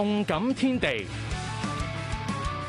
動感天地，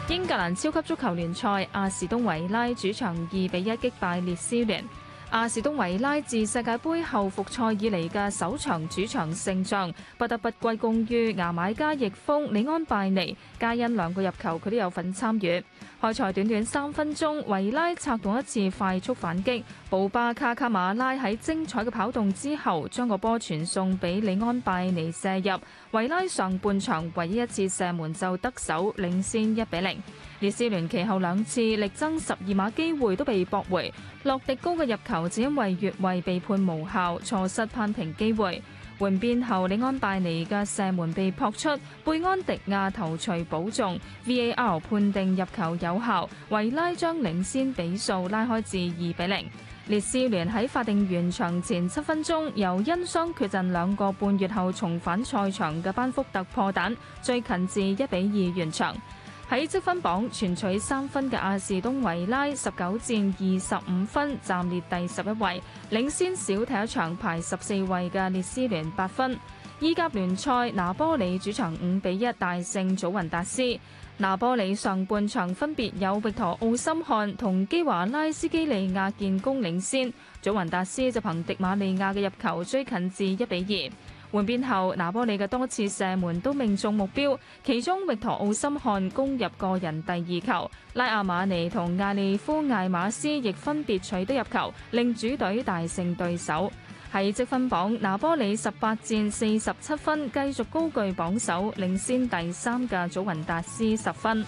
英格蘭超級足球聯賽，阿士東維拉主場二比一擊敗列斯聯。阿士東維拉自世界杯後復賽以嚟嘅首場主場勝仗，不得不歸功於牙買加翼鋒里安拜尼，皆因兩個入球，佢都有份參與。開賽短短三分鐘，維拉策動一次快速反擊，布巴卡卡馬拉喺精彩嘅跑動之後，將個波傳送俾里安拜尼射入。維拉上半場唯一一次射門就得手，領先一比零。列斯聯其後兩次力爭十二碼機會都被駁回，洛迪高嘅入球，只因為越位被判無效，錯失扳平機會。換邊後，里安拜尼嘅射門被撲出，貝安迪亞頭槌補中，VAR 判定入球有效，維拉將領先比數拉開至二比零。列斯聯喺法定完場前七分鐘，由因傷缺陣兩個半月後重返賽場嘅班福特破蛋，最近至一比二完場。喺積分榜全取三分嘅阿士東維拉十九戰二十五分，暫列第十一位，領先少踢一場排十四位嘅列斯聯八分。意甲聯賽拿波里主場五比一大勝祖雲達斯。拿波里上半場分別有域陀奧森漢同基華拉斯基利亞建功領先，祖雲達斯就憑迪馬利亞嘅入球追近至一比二。換邊後，拿波里嘅多次射門都命中目標，其中域陀奧森漢攻入個人第二球，拉亞馬尼同亞利夫艾馬斯亦分別取得入球，令主隊大勝對手。喺積分榜，拿波里十八戰四十七分，繼續高踞榜首，領先第三嘅祖雲達斯十分。